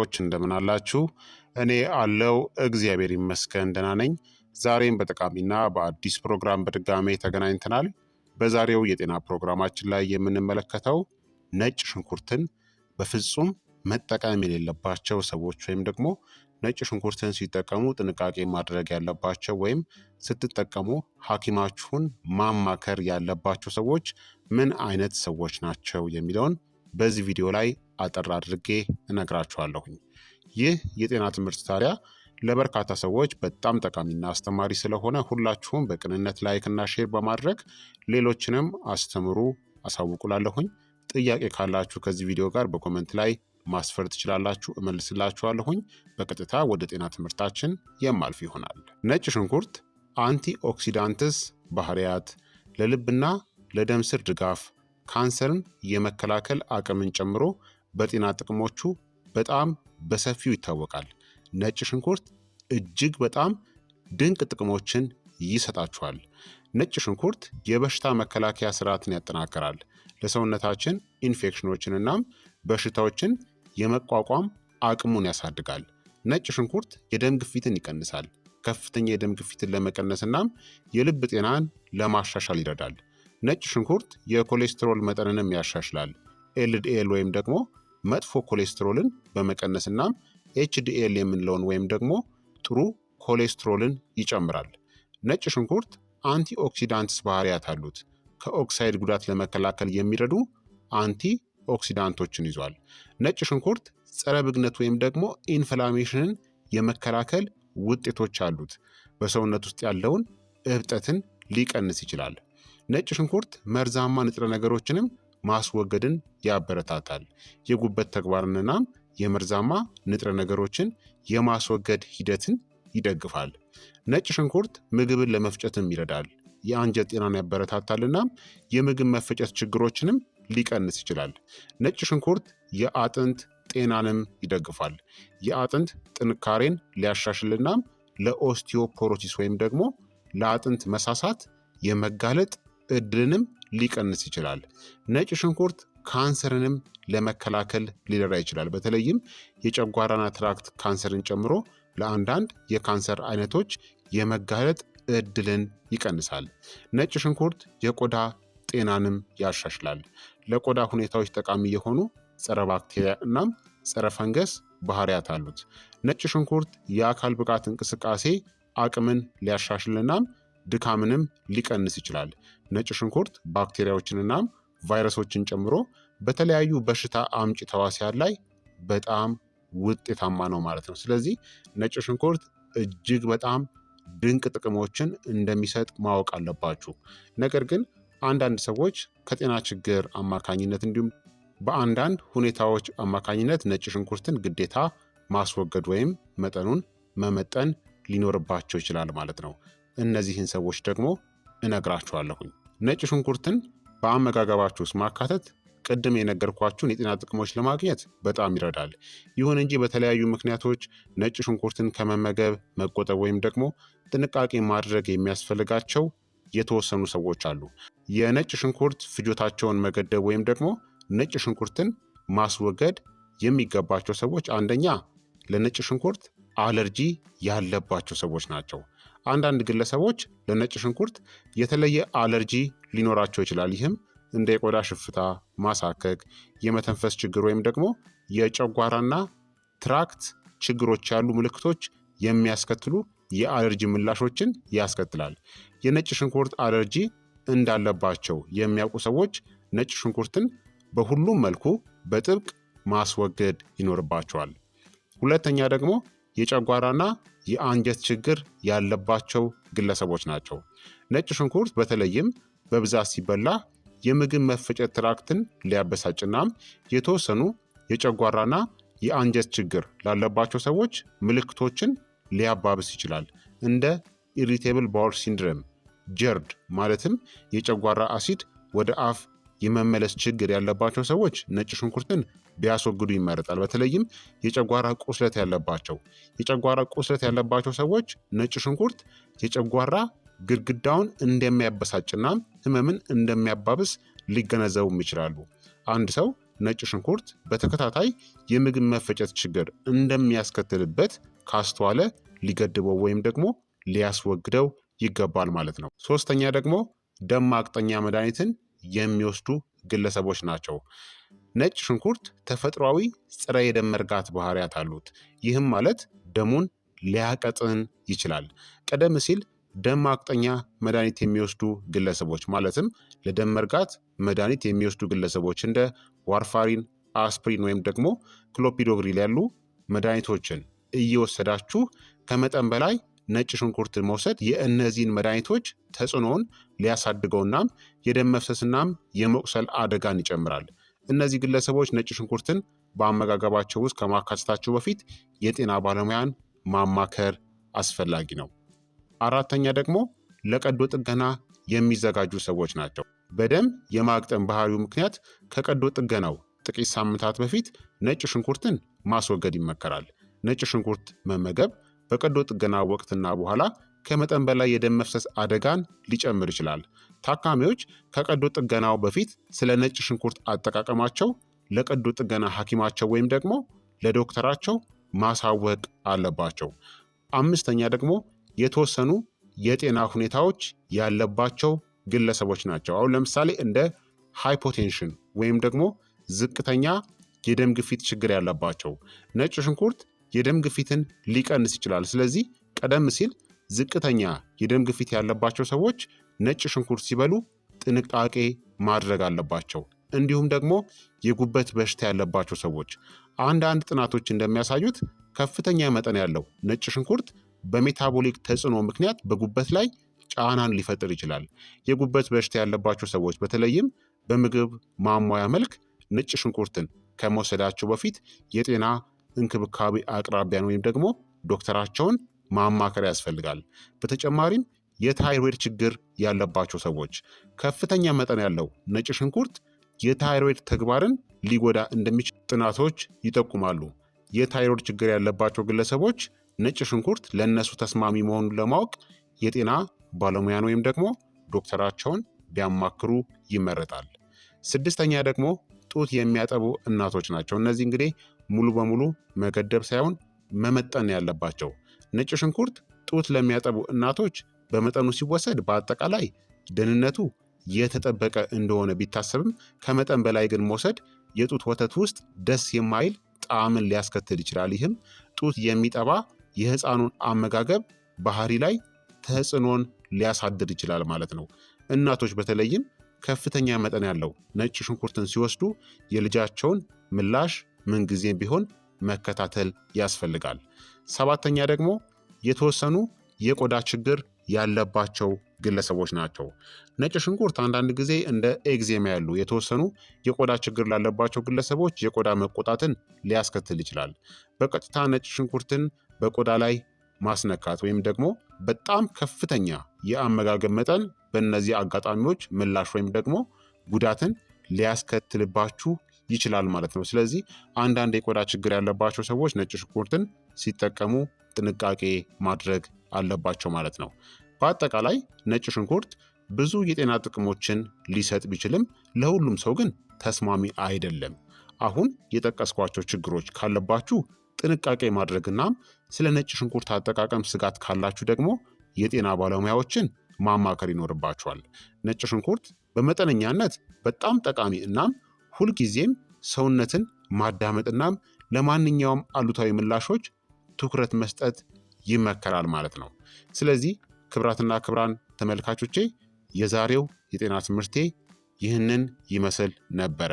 ዎች እንደምን አላችሁ? እኔ አለው እግዚአብሔር ይመስገን ደህና ነኝ። ዛሬም በጠቃሚና በአዲስ ፕሮግራም በድጋሜ ተገናኝተናል። በዛሬው የጤና ፕሮግራማችን ላይ የምንመለከተው ነጭ ሽንኩርትን በፍጹም መጠቀም የሌለባቸው ሰዎች ወይም ደግሞ ነጭ ሽንኩርትን ሲጠቀሙ ጥንቃቄ ማድረግ ያለባቸው ወይም ስትጠቀሙ ሐኪማችሁን ማማከር ያለባቸው ሰዎች ምን አይነት ሰዎች ናቸው የሚለውን በዚህ ቪዲዮ ላይ አጠር አድርጌ እነግራችኋለሁኝ። ይህ የጤና ትምህርት ታዲያ ለበርካታ ሰዎች በጣም ጠቃሚና አስተማሪ ስለሆነ ሁላችሁም በቅንነት ላይክና ሼር በማድረግ ሌሎችንም አስተምሩ፣ አሳውቁላለሁኝ። ጥያቄ ካላችሁ ከዚህ ቪዲዮ ጋር በኮመንት ላይ ማስፈር ትችላላችሁ፣ እመልስላችኋለሁኝ። በቀጥታ ወደ ጤና ትምህርታችን የማልፍ ይሆናል። ነጭ ሽንኩርት አንቲ ኦክሲዳንትስ ባህሪያት፣ ለልብና ለደም ስር ድጋፍ፣ ካንሰርን የመከላከል አቅምን ጨምሮ በጤና ጥቅሞቹ በጣም በሰፊው ይታወቃል። ነጭ ሽንኩርት እጅግ በጣም ድንቅ ጥቅሞችን ይሰጣችኋል። ነጭ ሽንኩርት የበሽታ መከላከያ ስርዓትን ያጠናክራል። ለሰውነታችን ኢንፌክሽኖችን እናም በሽታዎችን የመቋቋም አቅሙን ያሳድጋል። ነጭ ሽንኩርት የደም ግፊትን ይቀንሳል። ከፍተኛ የደም ግፊትን ለመቀነስ እናም የልብ ጤናን ለማሻሻል ይረዳል። ነጭ ሽንኩርት የኮሌስትሮል መጠንንም ያሻሽላል። ኤልዲኤል ወይም ደግሞ መጥፎ ኮሌስትሮልን በመቀነስና ኤችዲኤል የምንለውን ወይም ደግሞ ጥሩ ኮሌስትሮልን ይጨምራል። ነጭ ሽንኩርት አንቲ ኦክሲዳንትስ ባህሪያት አሉት። ከኦክሳይድ ጉዳት ለመከላከል የሚረዱ አንቲ ኦክሲዳንቶችን ይዟል። ነጭ ሽንኩርት ጸረ ብግነት ወይም ደግሞ ኢንፍላሜሽንን የመከላከል ውጤቶች አሉት። በሰውነት ውስጥ ያለውን እብጠትን ሊቀንስ ይችላል። ነጭ ሽንኩርት መርዛማ ንጥረ ነገሮችንም ማስወገድን ያበረታታል። የጉበት ተግባርንናም የመርዛማ ንጥረ ነገሮችን የማስወገድ ሂደትን ይደግፋል። ነጭ ሽንኩርት ምግብን ለመፍጨትም ይረዳል። የአንጀት ጤናን ያበረታታልናም የምግብ መፈጨት ችግሮችንም ሊቀንስ ይችላል። ነጭ ሽንኩርት የአጥንት ጤናንም ይደግፋል። የአጥንት ጥንካሬን ሊያሻሽልናም ለኦስቲዮፖሮሲስ ወይም ደግሞ ለአጥንት መሳሳት የመጋለጥ እድልንም ሊቀንስ ይችላል። ነጭ ሽንኩርት ካንሰርንም ለመከላከል ሊረዳ ይችላል። በተለይም የጨጓራና ትራክት ካንሰርን ጨምሮ ለአንዳንድ የካንሰር አይነቶች የመጋለጥ እድልን ይቀንሳል። ነጭ ሽንኩርት የቆዳ ጤናንም ያሻሽላል። ለቆዳ ሁኔታዎች ጠቃሚ የሆኑ ጸረ ባክቴሪያ እናም ጸረ ፈንገስ ባህሪያት አሉት። ነጭ ሽንኩርት የአካል ብቃት እንቅስቃሴ አቅምን ሊያሻሽል እናም ድካምንም ሊቀንስ ይችላል። ነጭ ሽንኩርት ባክቴሪያዎችንና ቫይረሶችን ጨምሮ በተለያዩ በሽታ አምጪ ተዋሲያን ላይ በጣም ውጤታማ ነው ማለት ነው። ስለዚህ ነጭ ሽንኩርት እጅግ በጣም ድንቅ ጥቅሞችን እንደሚሰጥ ማወቅ አለባችሁ። ነገር ግን አንዳንድ ሰዎች ከጤና ችግር አማካኝነት እንዲሁም በአንዳንድ ሁኔታዎች አማካኝነት ነጭ ሽንኩርትን ግዴታ ማስወገድ ወይም መጠኑን መመጠን ሊኖርባቸው ይችላል ማለት ነው። እነዚህን ሰዎች ደግሞ እነግራችኋለሁኝ። ነጭ ሽንኩርትን በአመጋገባችሁ ውስጥ ማካተት ቅድም የነገርኳችሁን የጤና ጥቅሞች ለማግኘት በጣም ይረዳል። ይሁን እንጂ በተለያዩ ምክንያቶች ነጭ ሽንኩርትን ከመመገብ መቆጠብ ወይም ደግሞ ጥንቃቄ ማድረግ የሚያስፈልጋቸው የተወሰኑ ሰዎች አሉ። የነጭ ሽንኩርት ፍጆታቸውን መገደብ ወይም ደግሞ ነጭ ሽንኩርትን ማስወገድ የሚገባቸው ሰዎች አንደኛ ለነጭ ሽንኩርት አለርጂ ያለባቸው ሰዎች ናቸው። አንዳንድ ግለሰቦች ለነጭ ሽንኩርት የተለየ አለርጂ ሊኖራቸው ይችላል። ይህም እንደ የቆዳ ሽፍታ፣ ማሳከክ፣ የመተንፈስ ችግር ወይም ደግሞ የጨጓራና ትራክት ችግሮች ያሉ ምልክቶች የሚያስከትሉ የአለርጂ ምላሾችን ያስከትላል። የነጭ ሽንኩርት አለርጂ እንዳለባቸው የሚያውቁ ሰዎች ነጭ ሽንኩርትን በሁሉም መልኩ በጥብቅ ማስወገድ ይኖርባቸዋል። ሁለተኛ ደግሞ የጨጓራና የአንጀት ችግር ያለባቸው ግለሰቦች ናቸው። ነጭ ሽንኩርት በተለይም በብዛት ሲበላ የምግብ መፈጨት ትራክትን ሊያበሳጭናም የተወሰኑ የጨጓራና የአንጀት ችግር ላለባቸው ሰዎች ምልክቶችን ሊያባብስ ይችላል። እንደ ኢሪቴብል ባውል ሲንድረም፣ ጀርድ ማለትም የጨጓራ አሲድ ወደ አፍ የመመለስ ችግር ያለባቸው ሰዎች ነጭ ሽንኩርትን ቢያስወግዱ ይመረጣል። በተለይም የጨጓራ ቁስለት ያለባቸው የጨጓራ ቁስለት ያለባቸው ሰዎች ነጭ ሽንኩርት የጨጓራ ግድግዳውን እንደሚያበሳጭና ህመምን እንደሚያባብስ ሊገነዘቡም ይችላሉ። አንድ ሰው ነጭ ሽንኩርት በተከታታይ የምግብ መፈጨት ችግር እንደሚያስከትልበት ካስተዋለ ሊገድበው ወይም ደግሞ ሊያስወግደው ይገባል ማለት ነው። ሶስተኛ ደግሞ ደም ማቅጠኛ መድኃኒትን የሚወስዱ ግለሰቦች ናቸው። ነጭ ሽንኩርት ተፈጥሯዊ ፀረ የደም መርጋት ባህሪያት አሉት። ይህም ማለት ደሙን ሊያቀጥን ይችላል። ቀደም ሲል ደም ማቅጠኛ መድኃኒት የሚወስዱ ግለሰቦች ማለትም ለደም መርጋት መድኃኒት የሚወስዱ ግለሰቦች እንደ ዋርፋሪን፣ አስፕሪን ወይም ደግሞ ክሎፒዶግሪል ያሉ መድኃኒቶችን እየወሰዳችሁ ከመጠን በላይ ነጭ ሽንኩርትን መውሰድ የእነዚህን መድኃኒቶች ተጽዕኖውን ሊያሳድገውናም የደም መፍሰስናም የመቁሰል አደጋን ይጨምራል። እነዚህ ግለሰቦች ነጭ ሽንኩርትን በአመጋገባቸው ውስጥ ከማካተታቸው በፊት የጤና ባለሙያን ማማከር አስፈላጊ ነው። አራተኛ ደግሞ ለቀዶ ጥገና የሚዘጋጁ ሰዎች ናቸው። በደም የማቅጠን ባህሪው ምክንያት ከቀዶ ጥገናው ጥቂት ሳምንታት በፊት ነጭ ሽንኩርትን ማስወገድ ይመከራል። ነጭ ሽንኩርት መመገብ በቀዶ ጥገና ወቅትና በኋላ ከመጠን በላይ የደም መፍሰስ አደጋን ሊጨምር ይችላል። ታካሚዎች ከቀዶ ጥገናው በፊት ስለ ነጭ ሽንኩርት አጠቃቀማቸው ለቀዶ ጥገና ሐኪማቸው ወይም ደግሞ ለዶክተራቸው ማሳወቅ አለባቸው። አምስተኛ ደግሞ የተወሰኑ የጤና ሁኔታዎች ያለባቸው ግለሰቦች ናቸው። አሁን ለምሳሌ እንደ ሃይፖቴንሽን ወይም ደግሞ ዝቅተኛ የደም ግፊት ችግር ያለባቸው ነጭ ሽንኩርት የደም ግፊትን ሊቀንስ ይችላል። ስለዚህ ቀደም ሲል ዝቅተኛ የደም ግፊት ያለባቸው ሰዎች ነጭ ሽንኩርት ሲበሉ ጥንቃቄ ማድረግ አለባቸው። እንዲሁም ደግሞ የጉበት በሽታ ያለባቸው ሰዎች አንዳንድ ጥናቶች እንደሚያሳዩት ከፍተኛ መጠን ያለው ነጭ ሽንኩርት በሜታቦሊክ ተጽዕኖ ምክንያት በጉበት ላይ ጫናን ሊፈጥር ይችላል። የጉበት በሽታ ያለባቸው ሰዎች በተለይም በምግብ ማሟያ መልክ ነጭ ሽንኩርትን ከመውሰዳቸው በፊት የጤና እንክብካቤ አቅራቢያን ወይም ደግሞ ዶክተራቸውን ማማከር ያስፈልጋል። በተጨማሪም የታይሮይድ ችግር ያለባቸው ሰዎች ከፍተኛ መጠን ያለው ነጭ ሽንኩርት የታይሮይድ ተግባርን ሊጎዳ እንደሚችል ጥናቶች ይጠቁማሉ። የታይሮይድ ችግር ያለባቸው ግለሰቦች ነጭ ሽንኩርት ለእነሱ ተስማሚ መሆኑን ለማወቅ የጤና ባለሙያን ወይም ደግሞ ዶክተራቸውን ቢያማክሩ ይመረጣል። ስድስተኛ ደግሞ ጡት የሚያጠቡ እናቶች ናቸው። እነዚህ እንግዲህ ሙሉ በሙሉ መገደብ ሳይሆን መመጠን ያለባቸው ነጭ ሽንኩርት ጡት ለሚያጠቡ እናቶች በመጠኑ ሲወሰድ በአጠቃላይ ደህንነቱ የተጠበቀ እንደሆነ ቢታሰብም ከመጠን በላይ ግን መውሰድ የጡት ወተት ውስጥ ደስ የማይል ጣዕምን ሊያስከትል ይችላል። ይህም ጡት የሚጠባ የህፃኑን አመጋገብ ባህሪ ላይ ተጽዕኖን ሊያሳድር ይችላል ማለት ነው። እናቶች በተለይም ከፍተኛ መጠን ያለው ነጭ ሽንኩርትን ሲወስዱ የልጃቸውን ምላሽ ምንጊዜም ቢሆን መከታተል ያስፈልጋል። ሰባተኛ ደግሞ የተወሰኑ የቆዳ ችግር ያለባቸው ግለሰቦች ናቸው። ነጭ ሽንኩርት አንዳንድ ጊዜ እንደ ኤግዜማ ያሉ የተወሰኑ የቆዳ ችግር ላለባቸው ግለሰቦች የቆዳ መቆጣትን ሊያስከትል ይችላል። በቀጥታ ነጭ ሽንኩርትን በቆዳ ላይ ማስነካት ወይም ደግሞ በጣም ከፍተኛ የአመጋገብ መጠን በእነዚህ አጋጣሚዎች ምላሽ ወይም ደግሞ ጉዳትን ሊያስከትልባችሁ ይችላል ማለት ነው። ስለዚህ አንዳንድ የቆዳ ችግር ያለባቸው ሰዎች ነጭ ሽንኩርትን ሲጠቀሙ ጥንቃቄ ማድረግ አለባቸው ማለት ነው። በአጠቃላይ ነጭ ሽንኩርት ብዙ የጤና ጥቅሞችን ሊሰጥ ቢችልም ለሁሉም ሰው ግን ተስማሚ አይደለም። አሁን የጠቀስኳቸው ችግሮች ካለባችሁ ጥንቃቄ ማድረግና ስለ ነጭ ሽንኩርት አጠቃቀም ስጋት ካላችሁ ደግሞ የጤና ባለሙያዎችን ማማከር ይኖርባችኋል። ነጭ ሽንኩርት በመጠነኛነት በጣም ጠቃሚ እናም ሁልጊዜም ሰውነትን ማዳመጥና ለማንኛውም አሉታዊ ምላሾች ትኩረት መስጠት ይመከራል ማለት ነው። ስለዚህ ክብራትና ክብራን ተመልካቾቼ የዛሬው የጤና ትምህርቴ ይህንን ይመስል ነበረ።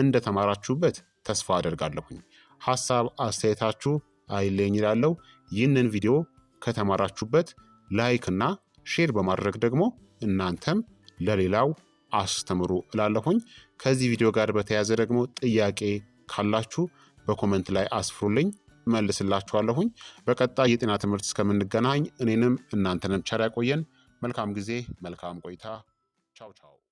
እንደ ተማራችሁበት ተስፋ አደርጋለሁኝ። ሐሳብ አስተያየታችሁ አይለኝ ይላለው። ይህንን ቪዲዮ ከተማራችሁበት ላይክ እና ሼር በማድረግ ደግሞ እናንተም ለሌላው አስተምሩ እላለሁኝ። ከዚህ ቪዲዮ ጋር በተያያዘ ደግሞ ጥያቄ ካላችሁ በኮመንት ላይ አስፍሩልኝ፣ መልስላችኋለሁኝ። በቀጣይ የጤና ትምህርት እስከምንገናኝ እኔንም እናንተንም ቸር ያቆየን። መልካም ጊዜ፣ መልካም ቆይታ። ቻው ቻው።